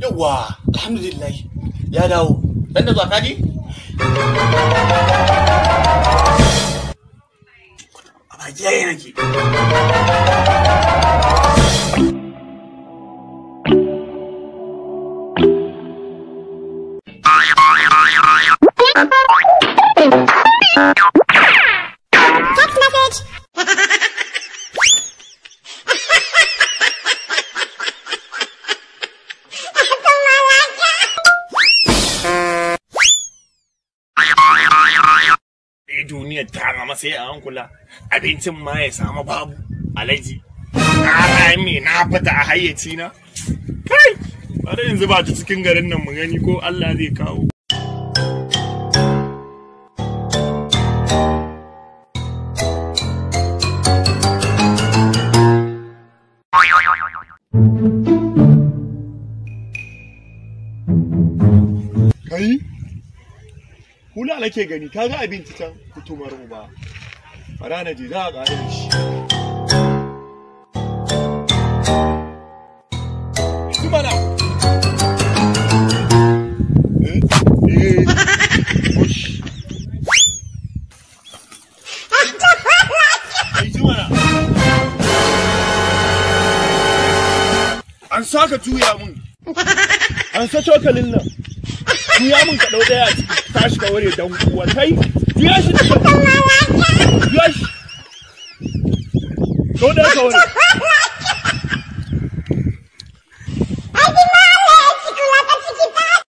yawa alhamdulillah ya dawo dan da zuwa kaji a baki yayi nake Thank duniyar ta zama sai a hankula abincin ma ya samu babu alaji na rami na fita a hayyaci na kai bari yanzu ba ta cikin garin nan mu gani ko Allah zai kawo hula nake gani kaga abinci can kutumar uba bara na je za a ƙara da shi eh, eh. an saka juya mun an sa cokalin nan juya min ka ɗau ɗaya a ciki tashi ka ware dan uwa kai juya shi da juya shi ɗau ɗaya ka